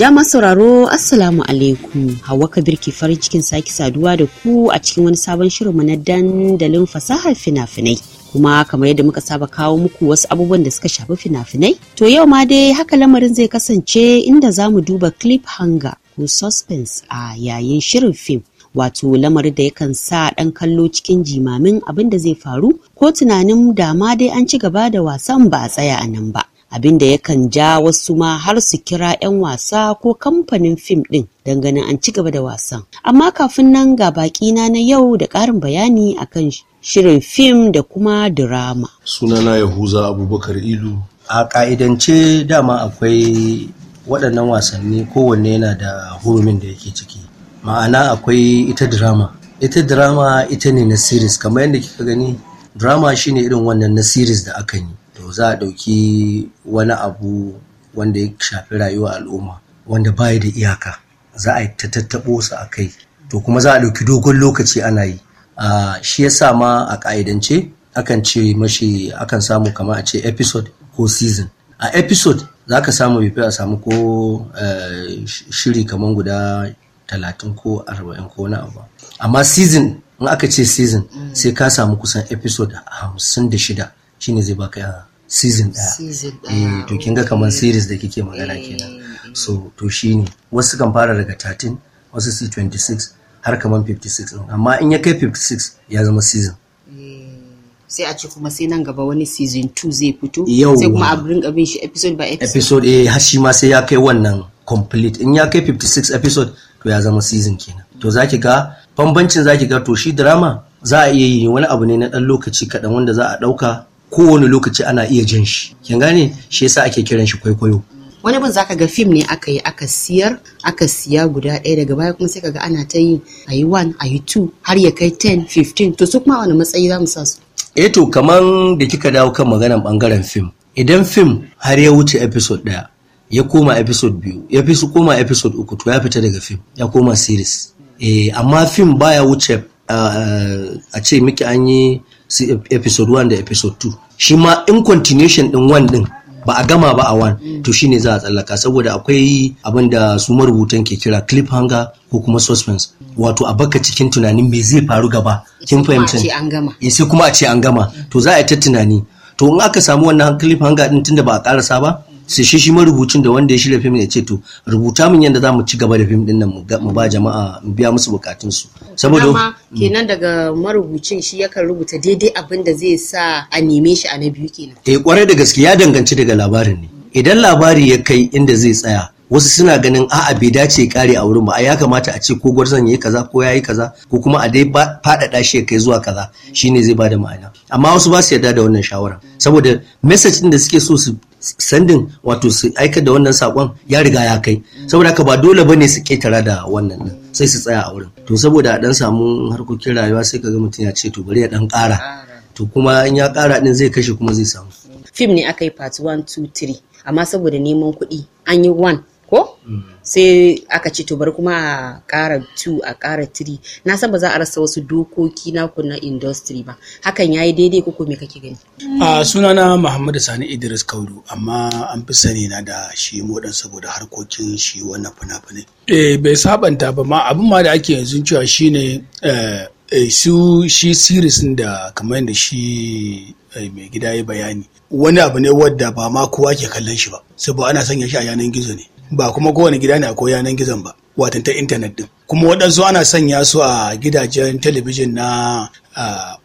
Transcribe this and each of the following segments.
jama'a sauraro Assalamu alaikum Hauwa Kabir ke farin cikin sake saduwa da ku a cikin wani sabon shirin mu na dandalin fasahar fina-finai. Kuma kamar yadda muka saba kawo muku wasu abubuwan da suka shafi fina-finai. To yau ma dai haka lamarin zai kasance inda za mu duba clip hanger ko suspense a yayin shirin fim. Wato lamarin da yakan sa ɗan kallo cikin jimamin abin da zai faru ko tunanin da ma dai an ci gaba da wasan ba a tsaya a nan ba. Abin da yakan ja wasu ma har su kira 'yan wasa ko kamfanin fim ɗin don an ci gaba da wasan. Amma kafin nan ga baƙina na na yau da ƙarin bayani a kan shirin fim da kuma dirama. Sunana Yahuza Abubakar Ilu. A ƙa'idance dama akwai waɗannan wasanni kowanne yana da hurumin da yake ciki. Ma'ana akwai ita dirama. Ita dirama ita ne na series kamar yadda kika gani. Drama shine irin wannan na series da aka yi. za a ɗauki wani abu wanda ya shafi rayuwa al'umma wanda baya da iyaka za a ta tattaɓo su a kai to kuma za a ɗauki dogon lokaci ana yi shi ya sa ma a ƙa'idance akan ce mashi akan samu kamar a ce episode ko season a episode za ka samu bifi a samu ko eh, shiri kamar guda talatin ko arba'in ko wani abu amma season in aka ce season mm. sai ka samu kusan episode hamsin da shida shine zai baka season ɗaya eh to kin ga kamar eh. series da kike magana eh. kenan so to shine wasu kan fara daga 13 wasu su 26 har kamar 56 amma in ya kai 56 ya zama season eh. sai a ce kuma sai nan gaba wani season 2 zai fito sai kuma a rinka bin shi episode by episode episode eh har shi ma sai ya kai wannan complete in ya kai 56 episode to ya zama season kenan to zaki ga bambancin zaki ga to shi drama za a iya yi wani abu ne na dan lokaci kaɗan wanda za a ɗauka kowane lokaci ana iya jin shi kin gane shi yasa ake kiran shi kwaikwayo wani bin zaka ga fim ne aka yi aka siyar aka siya guda ɗaya daga baya kuma sai kaga ana ta yi ayi yi one a yi two har ya kai ten fifteen to su kuma wani matsayi za mu sa su eh to kaman da kika dawo kan maganar bangaren fim idan fim har ya wuce episode ɗaya ya koma episode biyu ya fi su koma episode uku to ya fita daga fim ya koma series eh amma fim baya wuce eh, eh, a ce miki an yi episode 1 da episode 2 shi ma in continuation din wan din ba a gama ba a wan to shine za a tsallaka saboda akwai abin da su marubutan ke kira cliffhanger ko kuma suspense wato a baka cikin tunanin me zai faru gaba kin fahimta eh, sai kuma a ce an gama to za a yi ta tunani to in aka samu wannan cliffhanger din tunda ba a karasa ba Sai shi shi marubucin da wanda ya shirya fim ya ce to rubuta min yadda zamu ci gaba da fim din nan mu ba jama'a mu biya musu bukatun su saboda kenan daga marubucin shi yakan rubuta daidai abin da zai sa a neme shi a na biyu kenan eh kwarai da gaske ya danganci daga labarin ne idan labari ya kai inda zai tsaya wasu suna ganin a'a bai dace kare a wurin ba ya kamata a ce ko gwarzon yayi kaza ko ya yi kaza ko kuma a dai faɗaɗa shi ya kai zuwa kaza shine zai bada ma'ana amma wasu ba su yarda da wannan shawara saboda message din da suke so su sandin wato su aika da wannan sakon ya riga ya kai saboda haka ba dole bane su ketara da wannan din sai su tsaya a wurin to saboda a dan samu harkokin rayuwa sai ka ga mutum ya ce to bari ya dan ƙara to kuma in ya kara din zai kashe kuma zai samu fim ne aka yi part 1 2 3 amma saboda neman kuɗi an yi 1 ko mm. sai aka ce to bari kuma a kara 2 a kara 3 na san ba za a rasa wasu dokoki na na industry ba hakan yayi daidai ko me kake gani a sunana Muhammadu Sani Idris kaudu amma an fi sani na da shi modan saboda harkokin shi wannan fina-finai eh bai sabanta ba ma abin ma da ake yanzu cewa shine eh, eh su shi series da kamar da shi eh, mai gida ya bayani wani abu ne wadda ba ma kowa ke kallon shi ba saboda ana sanya shi a yanar gizo ne ba kuma kowane gida ne akwai yanar gizon ba watan ta intanet din kuma waɗansu ana sanya su a gidajen talabijin na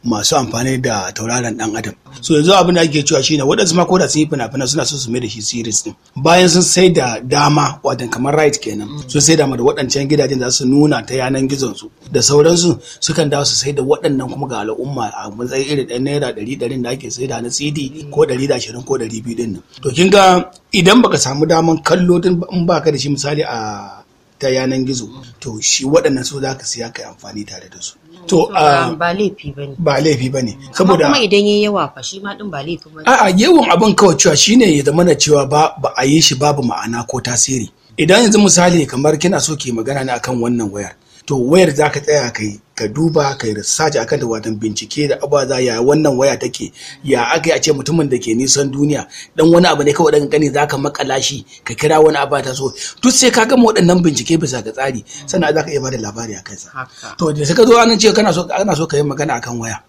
masu amfani da tauraron dan adam so yanzu abin da ake cewa shine waɗansu ma koda sun yi fina-fina suna so su mai da shi series din bayan sun sai da dama wato kamar right kenan mm. sun sai da da waɗancan gidajen za su nuna ta yanan gizon su da sauransu sukan dawo su sai da waɗannan kuma ga al'umma a matsayin irin ɗan naira ɗari ɗarin da ake sai da na cd ko ɗari da ashirin ko ɗari biyu din nan to kin ga idan baka samu daman kallo in baka da shi misali a ta yanan gizo to shi waɗannan su za ka siya ka amfani tare da su to ah, a ba laifi bane ba laifi saboda kuma idan yayi yawa fa shi ma din ba laifi bane a'a yawan abin kawai cewa shine ya zamana cewa ba a yi shi babu ma'ana ko tasiri idan yanzu misali kamar kina so ke magana ne akan wannan wayar to wayar za ka tsaya kai ka duba kai research akan da watan bincike da za ya wannan waya take ya aka yi a ce mutumin da ke nisan duniya dan wani abu ne kawai dan gani zaka makala shi ka kira wani abu ta so duk sai ka gama waɗannan bincike bisa ga tsari sannan zaka iya bada labari a kansa to da suka zo anan ce kana so kana so ka yi magana akan waya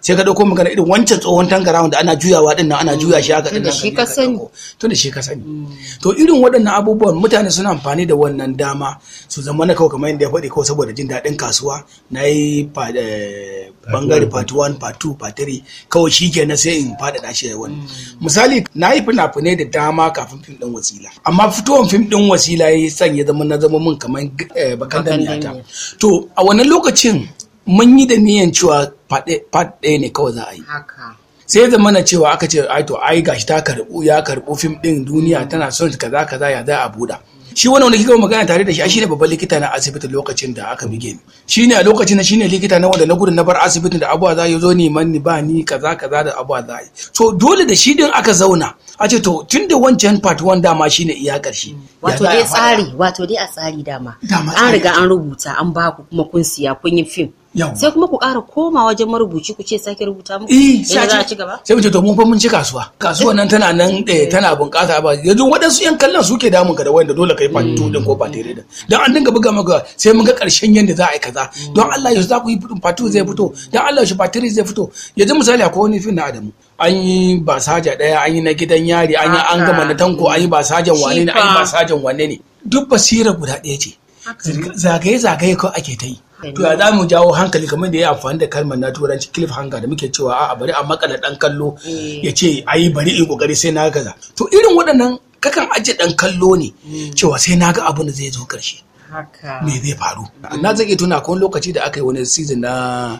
sai ka dauko magana irin wancan tsohon tangarawun da ana juyawa din ana mm. juya shi haka din nan shi ka sani to da shi ka sani to irin waɗannan abubuwan mutane suna amfani da wannan dama su zama na kawai kamar yadda ya faɗi kawai saboda jin daɗin kasuwa na yi eh, bangare part 1 part 2 part 3 kawai shi ke na sai in da shi wani mm. misali na yi fina-finai da dama kafin fim ɗin wasila amma fitowar fim ɗin wasila ya sanya zama na zama min kamar eh, bakan da to a wannan lokacin mun yi da niyan cewa part ɗaya ne kawai za a yi sai da mana cewa aka ce ai to ai gashi ta karbu ya karbu fim din duniya tana son kaza kaza ya za a buɗa shi wani wanda kika magana tare da shi shi ne babban likita na asibiti lokacin da aka bige ni ne a lokacin da ne likita na wanda na gudun na bar asibitin da abuwa za yi, zo neman ni ba ni kaza kaza da abuwa za yi To dole da shi din aka zauna a ce to tun da wancan part one dama shine iya ƙarshe. wato dai tsari wato dai a tsari dama an riga an rubuta an ba ku kuma kun siya kun yi fim. sai kuma ku ƙara koma wajen marubuci ku ce sake rubuta muku eh sai za a ci gaba sai mu ce to mun fa mun ci kasuwa kasuwa nan tana nan eh. Eh, tana bunƙasa ba yanzu waɗansu yan kallon suke damun ka da wanda dole kai fa to din ko ba mm. tare da dan an dinga buga maka sai mun ga ƙarshen yanda za a yi kaza mm. don Allah ya za ku yi fatu zai fito dan Allah shi fatiri zai fito yanzu misali akwai wani fim na Adamu an yi ba saja daya an yi na gidan yari an yi an gama na tanko an yi ba wane ne an yi ba sajan wane ne duk basira guda ɗaya ce zagaye zagaye ko ake ta yi to ya za mu jawo hankali kamar da ya amfani da kalmar na turanci cliff hanga da muke cewa a bari a makala dan kallo eh. ya ce ayi bari in kokari sai na gaza to irin waɗannan kakan ajiye dan kallo ne hmm. cewa sai na ga abin da zai zo karshe me zai faru na zage tuna ko lokaci da aka yi wani season na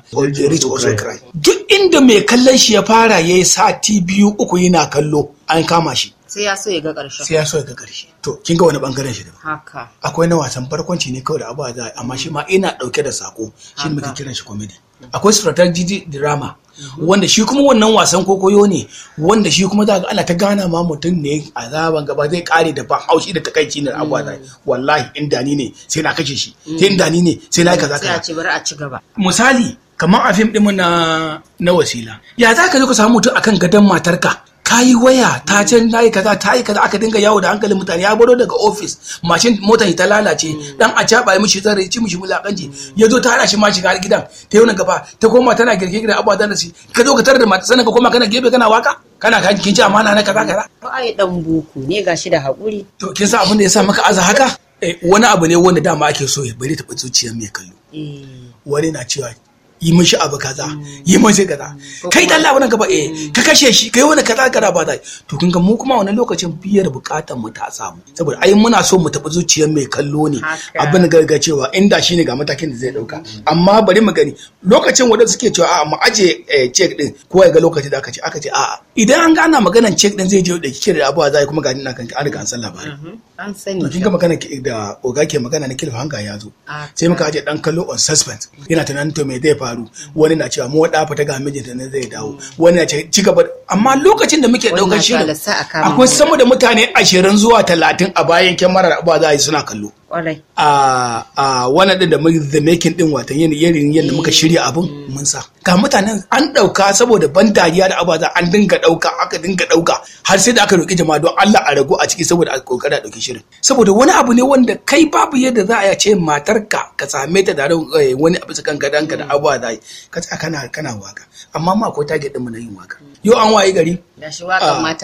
rich also cry duk inda mai kallon shi ya fara ya yi sati biyu uku yana kallo an kama shi sai ya so ya ga ƙarshe. sai ya so ya ga ƙarshe to kin ga wani bangaren shi da haka akwai na wasan farkonci ne kawai da abu za amma shi ma ina dauke da sako shi muke kiran shi comedy akwai strategy drama mhm. wanda shi kuma wannan wasan kokoyo ne wanda shi kuma za ga Allah ta gana ma mutum ne azaban gaba zai kare da ban haushi da takaici ne abu za mm. wallahi inda ni ne sai na kashe shi sai mm. inda ni ne sai na kaza kaza sai a ci bar a ci gaba misali kamar a fim ɗinmu na na wasila ya za ka zo ka samu mutum akan gadon matarka ta yi waya ta can ta yi kaza ta yi kaza aka dinga yawo da hankalin mutane ya baro daga ofis mashin mota ta lalace mm. dan a caba yi mishi zare ci mishi mulakanci ya zo ta hana shi ma ga gidan ta yi gaba ta koma tana girke gidan abuwa da shi ka zo ka tarar da mata sannan ka koma kana gefe kana waka kana ka kin ci amana na kaza kaza ai dan buku ne gashi da hakuri to kin san abin da ya sa maka aza haka eh, wani abu ne wanda dama ake so ya bari ta zuciyar mai kallo eh. wani na cewa yi mishi abu kaza yi mishi kaza kai dan labarin gaba eh mm. ka kashe shi kai wani kaza kaza ba dai to kin ga mu kuma wannan lokacin biyar bukatar mu ta samu saboda ai muna so mu tafi zuciyar mai kallo ne abin gargacewa inda shine ga matakin da zai dauka mm. amma bari mu gani lokacin wanda suke cewa a mu aje eh, check din ko ya ga lokacin da aka ce aka ce a'a idan an gana maganar check din zai je da kike da abuwa zai kuma gani na kanki an riga an san labarin mm-hmm. an sani kin ga magana da oga ke magana na kilfa hanga ya zo ah, sai muka ah. aje dan kallo on suspense yana tunanin to me zai fa faru wani na cewa mu wada fita ga mijinta ne zai dawo wani na cewa cika gaba amma lokacin da muke daukar shirin akwai sama da mutane ashirin zuwa talatin a bayan kyamarar abuwa za a yi suna kallo a wani ɗin da the making din watan yanayin yadda muka eh. shirya abin mm. mun sa ga mutanen an ɗauka saboda ban dariya da abaza an dinga ɗauka aka dinga ɗauka har sai da aka roƙi jama'a don Allah a ragu a ciki saboda a kokari a ɗauki shirin saboda wani abu ne wanda kai babu yadda za a ce matarka ka same ta da eh, wani abu su kanka da mm. abuwa da ka tsaka kana kana waka amma ma akwai target mu na yin waka yau an waye gari Da shi ah.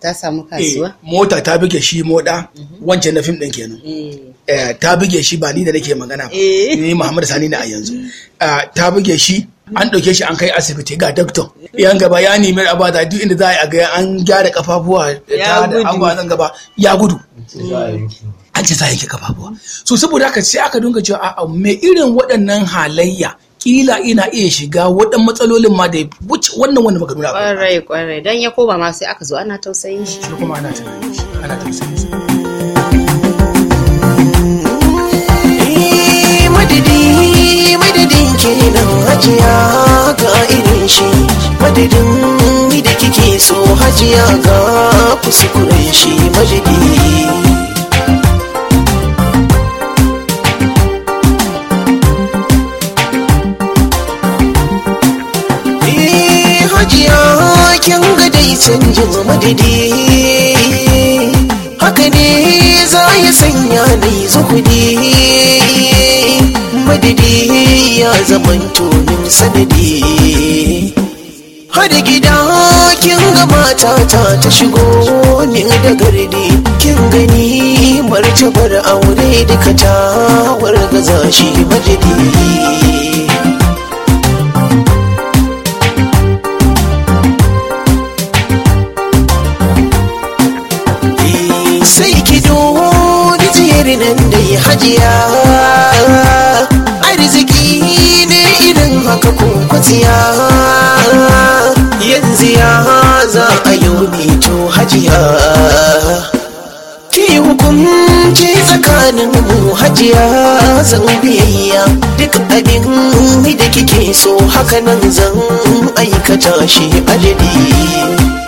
ta samu eh, kasuwa? Mota ta buge shi moda wancan na fim ɗin kenan. Eh. Eh, ta buge shi ba ni da nake magana ba. Ni Muhammad Sani ne a yanzu. Ah, ta buge shi an ɗauke shi an kai asibiti ga doctor Yan gaba ya nemi abada duk inda za a ga an gyara kafafuwa ta da gaba ya gudu. An ce za yanke kafafuwa. So saboda haka sai aka dinga cewa a me irin waɗannan halayya kila ina iya shiga waɗan matsalolin ma da ya wuce wannan wani magana kwarai kwarai dan ya koma ma sai aka zo ana tausayin shi kuma ana tausayin shi ana tausayin shi eh, madadi madadin kenan hajiya ga irin shi madadin ni da kike so hajiya ga kuskuren shi madadi kin ga dai canjin madadi haka ne za ya sanya dai zuhudi madadi ya zama min sanadi har gida kin ga matata ta shigo min da gardi kin gani martabar aure duka ta wargaza shi majidi hajiya arziki ne idan haka kwanciya yanzu ya za a yi to hajiya ki hukunci tsakanin mu hajiya zan biyayya duk abin da kike so haka nan zan aikata shi adadi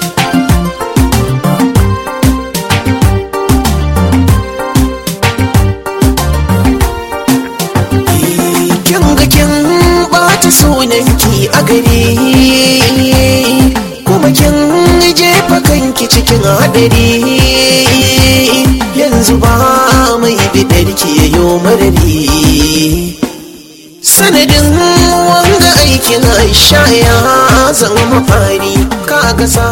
gani kuma kin jefa kanki cikin haɗari yanzu ba mai bibirki ya yi marari sanadin wanga aikin aisha ya zama mafari kaga sa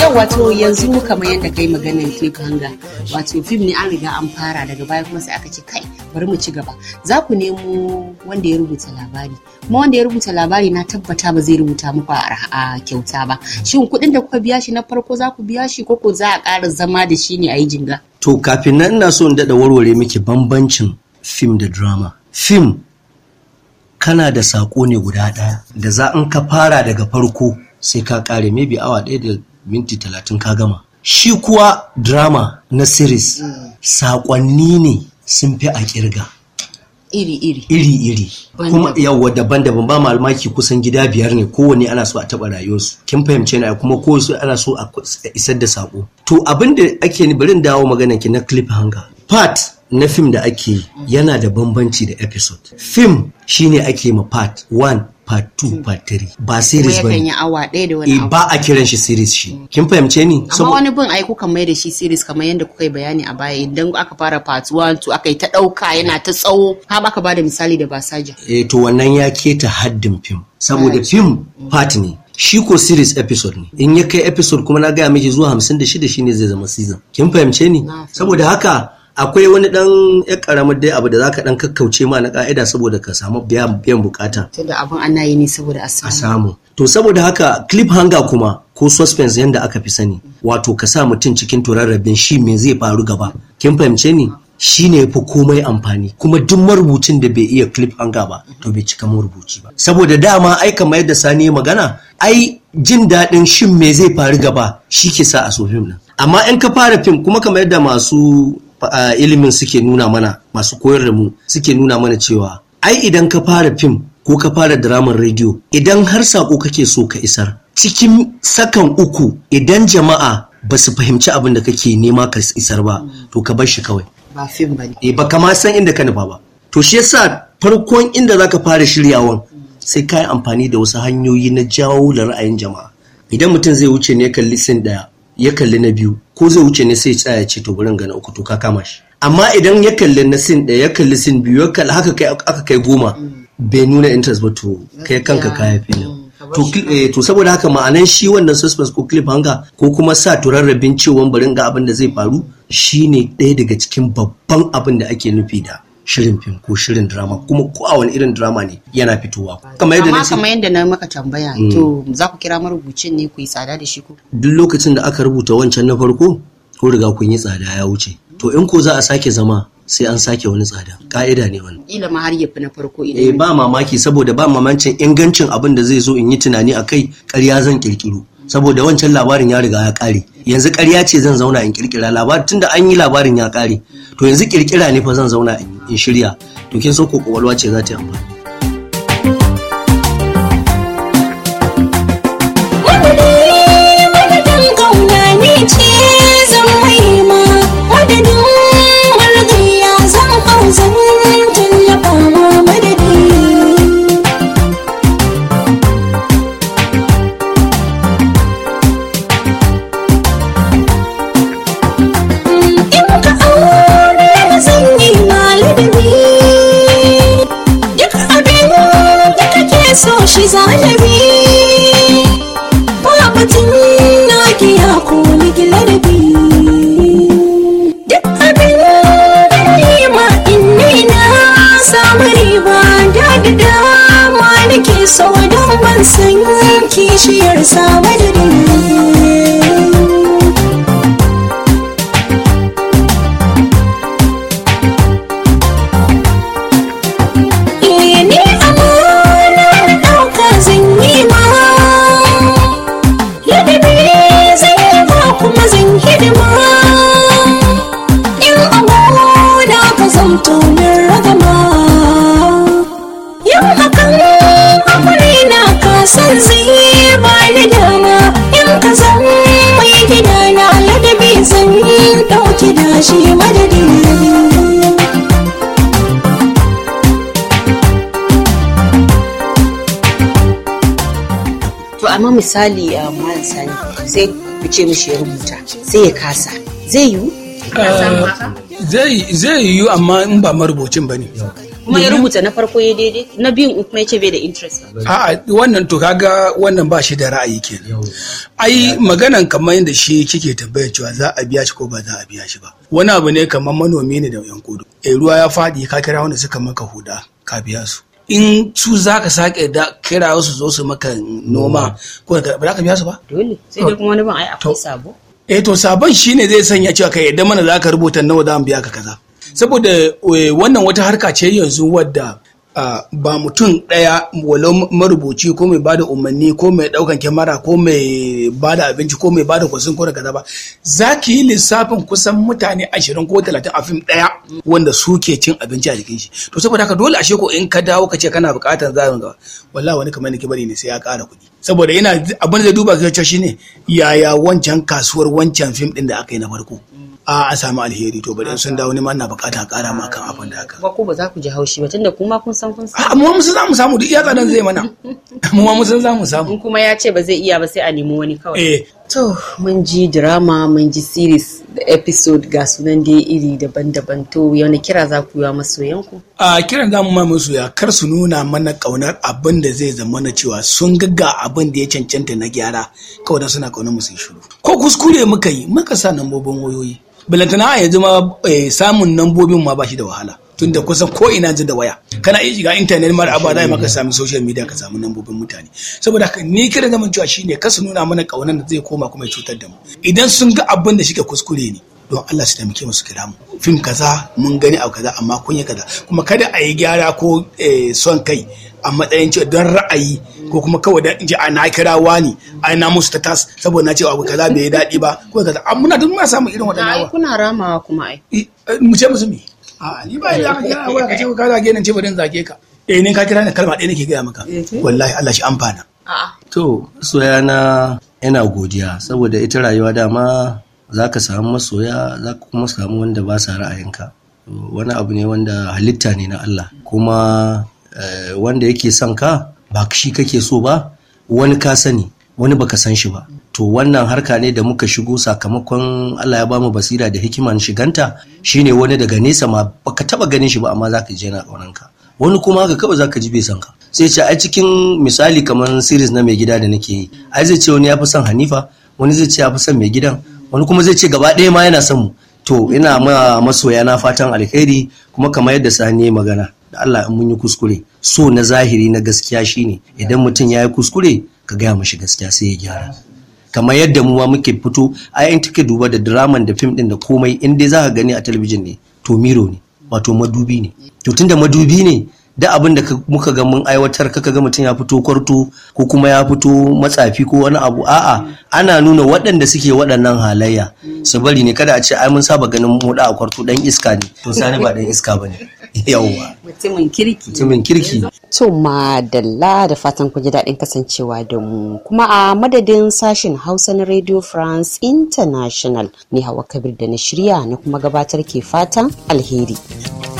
yau wato yanzu kamar yadda kai maganin hanga, wato fim ne an riga an fara daga baya kuma sai aka ce kai bari mu ci gaba za ku nemo wanda ya rubuta labari kuma wanda ya rubuta labari na tabbata ba zai rubuta muku a kyauta ba shin kuɗin da kuka biya shi na farko za ku biya shi ko ko za a ƙara zama da shi ne a yi jinga to kafin nan ina so in daɗa warware miki bambancin fim da drama fim kana da saƙo ne guda ɗaya da za in ka fara daga farko sai ka ƙare maybe awa ɗaya da minti talatin ka gama shi kuwa drama na series mm. saƙonni ne sun fi a ƙirga. iri-iri iri-iri kuma yawwa daban-daban ba malmaki kusan gida biyar ne kowane ana so a taɓa rayuwarsu kin fahimce na kuma su ana so a isar da saƙo to abin da ake ni barin dawo magana ki na clip hanga part na fim da ake yi yana da bambanci da episode fim shine ake ma part 1 part 2 part 3 ba series ba ne awa da wani eh, ba a kiran shi series shi kin fahimce ni amma wani bin ai kuka mai da shi series kamar yadda kuka yi bayani a baya idan aka fara part 1 aka yi ta ɗauka yana ta tsawo har aka da misali da basaja E, to wannan ya keta haddin film saboda film mm. part ne shi ko series episode ne in ya kai episode kuma na gaya miki zuwa hamsin da 56 shine zai zama season kin fahimce ni saboda haka akwai wani dan yan karamar dai abu da zaka dan kakkauce ma na ka'ida saboda ka samu biyan bukata tunda abun ana yi ne saboda a samu a samu to saboda haka clip hanga kuma ko suspense yanda aka fi sani wato ka sa mutum cikin turarrabin shi me zai faru gaba kin fahimce ni shi ne fi komai amfani kuma duk marubucin da bai iya clip hanga ba to bai cika marubuci ba saboda dama ai kamar yadda sani magana ai jin daɗin shin me zai faru gaba shi ke sa a so fim amma in ka fara fim kuma kamar yadda masu ilimin suke nuna mana masu koyar da mu suke nuna mana cewa ai idan ka fara fim ko ka fara dramar rediyo idan har sako kake so ka isar cikin sakan uku idan jama'a ba su fahimci abin da kake nema ka isar ba to ka bar shi kawai ba fim ba ne eh, ba ma san inda ka nufa ba to shi yasa farkon inda zaka fara shiryawan sai ka yi amfani da wasu hanyoyi na jawo da ra'ayin jama'a idan mutum zai wuce ne kan sin daya ya kalli na biyu ko zai wuce ne sai tsaya ce to bari gana uku to ka kama shi amma idan ya kalli na sin ɗaya ya kalli sin biyu ya kalli haka kai aka kai goma bai nuna interest ba to kai kanka ka yafi nan eh, to saboda haka ma'anan shi wannan suspense ko clip hanga ko kuma sa turarrabin cewa bari ga abin da zai faru shine ɗaya daga cikin babban abin da ake nufi da shirin fim ko shirin drama kuma ko a wani irin drama ne yana fitowa kamar yadda kamar yadda na maka tambaya mm. to za ku kira marubucin ne ku yi tsada da shi ko duk lokacin da aka rubuta wancan na farko ko riga kun yi tsada ya wuce to in ko za a sake zama sai an sake wani tsada ka'ida ne wani ila ma har ya na farko eh ba mamaki saboda ba mamancin ingancin abin da zai zo in yi tunani akai ƙarya zan kirkiro saboda wancan labarin ya riga ya kare yanzu ƙarya ce zan zauna in kirkira labarin tunda an yi labarin ya kare to yanzu kirkira ne fa zan zauna in shirya to kin so ko ce za ta yi amfani misali a eh, man sani sai ku ce mishi ya rubuta sai ya kasa zai yiwu eh, zai yi amma in ba marubucin ba ne kuma ya rubuta na farko ya daidai na biyun kuma ya ce bai da interest ba a'a wannan to kaga wannan ba shi da ra'ayi ke ai maganan kamar yadda shi kike tambayar cewa za a biya shi ko ba za a biya shi ba wani abu ne kamar manomi ne da yan kudu eh, ruwa ya faɗi ka kira wanda suka maka huda ka biya su in su za ka sake da kira wasu zo su maka noma ko da ba za ka biya su ba dole sai dai kuma wani ban ai akwai sabo eh to sabon ne zai sanya cewa kai idan mana za ka rubuta nawa za mu biya ka kaza saboda eh, wannan wata harka ce yanzu wadda ba mutum ɗaya walau marubuci ko mai bada umarni ko mai ɗaukan kyamara ko mai bada abinci ko mai bada kwasin ko da ba za ki yi lissafin kusan mutane ashirin ko talatin a fim ɗaya wanda suke cin abinci a jikin shi to saboda haka dole ashe ko in ka dawo ka ce kana buƙatar zarin gaba wala wani kamar ki bari ne sai ya ƙara kuɗi saboda yana abin da duba ka ce ne, yaya wancan kasuwar wancan fim ɗin da aka yi na farko a a samu alheri to bari sun dawo neman na bukata kara ma kan abin da haka. ko ba za ku ji haushi ba tunda kuma kun san kun samu. mu mun san mu samu duk iya nan zai mana. mu mun san za mu samu. kuma ya ce ba zai iya ba sai a nemi wani kawai. eh To, mun ji drama, mun ji series da episode ga sunan dai iri daban-daban. To, wani kira za ku yi masoyanku? A kiran za mu ma masoya kar su nuna mana kaunar abin da zai zama na cewa sun gaga abin da ya cancanta na gyara kawai da suna kaunar musu shiru. Ko kuskure muka yi, muka sa nambobin wayoyi. Balantana yanzu ma eh, samun nambobin ma ba shi da wahala. tunda kusan ko ina ji da waya kana iya shiga intanet mara abu da maka sami social media ka samu nambobin mutane saboda haka ni kira zaman cewa shine su nuna mana kaunan da zai koma kuma ya cutar da mu idan sun ga abin da shike kuskure ne don Allah su taimake mu su kira mu fim kaza mun gani abu kaza amma kun yi kaza kuma kada a yi gyara ko eh, son kai a matsayin cewa don ra'ayi ko kuma kawai da ji ana kira wani ai na musu ta tas saboda na cewa abu kaza bai daɗi ba ko kaza amma muna duk muna samun irin waɗannan kuna ramawa kuma ai eh, eh, mu ce musu me a'a ni ba ni aka kira waya ka ce ka zage ni ce bari zage ka eh ne ka kira ni kalma ɗaya nake gaya maka eh, wallahi Allah shi amfana to na yana godiya saboda ita rayuwa dama za ka samu masoya za kuma samu wanda ba sa ra'ayinka wani abu ne wanda halitta ne na Allah kuma eh, wanda yake son ka ba shi kake so ba wani ka sani wani baka san shi ba to wannan harka ne da muka shigo sakamakon Allah ya bamu basira da hikima na shiganta shine wani daga nesa ma baka taba ganin shi ba amma zaka yana na ka wani kuma haka kawai zaka ji bai san ka sai ce a cikin misali kamar series na mai gida da nake yi ai zai ce wani ya fi son Hanifa wani zai ce ya fi son mai gidan wani kuma zai ce gaba ɗaya ma yana son mu to ina ma masoya na fatan alheri kuma kamar yadda sani ya magana da Allah in mun yi kuskure so na zahiri na gaskiya shine idan mutum ya yi kuskure ka gaya mashi gaskiya sai ya gyara kamar yadda mu ma muke fito ai in take duba da draman da fim ɗin da komai in dai za ka gani a talabijin ne to miro ne wato madubi ne to tunda madubi ne da abin da muka ga mun aiwatar kaka ga mutum ya fito kwarto ko kuma ya fito matsafi ko wani abu a'a ana nuna waɗanda suke waɗannan halayya su bari ne kada a ce ai mun saba ganin moda a kwarto dan iska ne to sani ba dan iska bane yawwa mutumin kirki mutumin kirki To madalla da fatan ku daɗin kasancewa da mu kuma a madadin sashen Hausa na Radio France International ne Hawa Kabir da na shirya na kuma gabatar ke fatan alheri.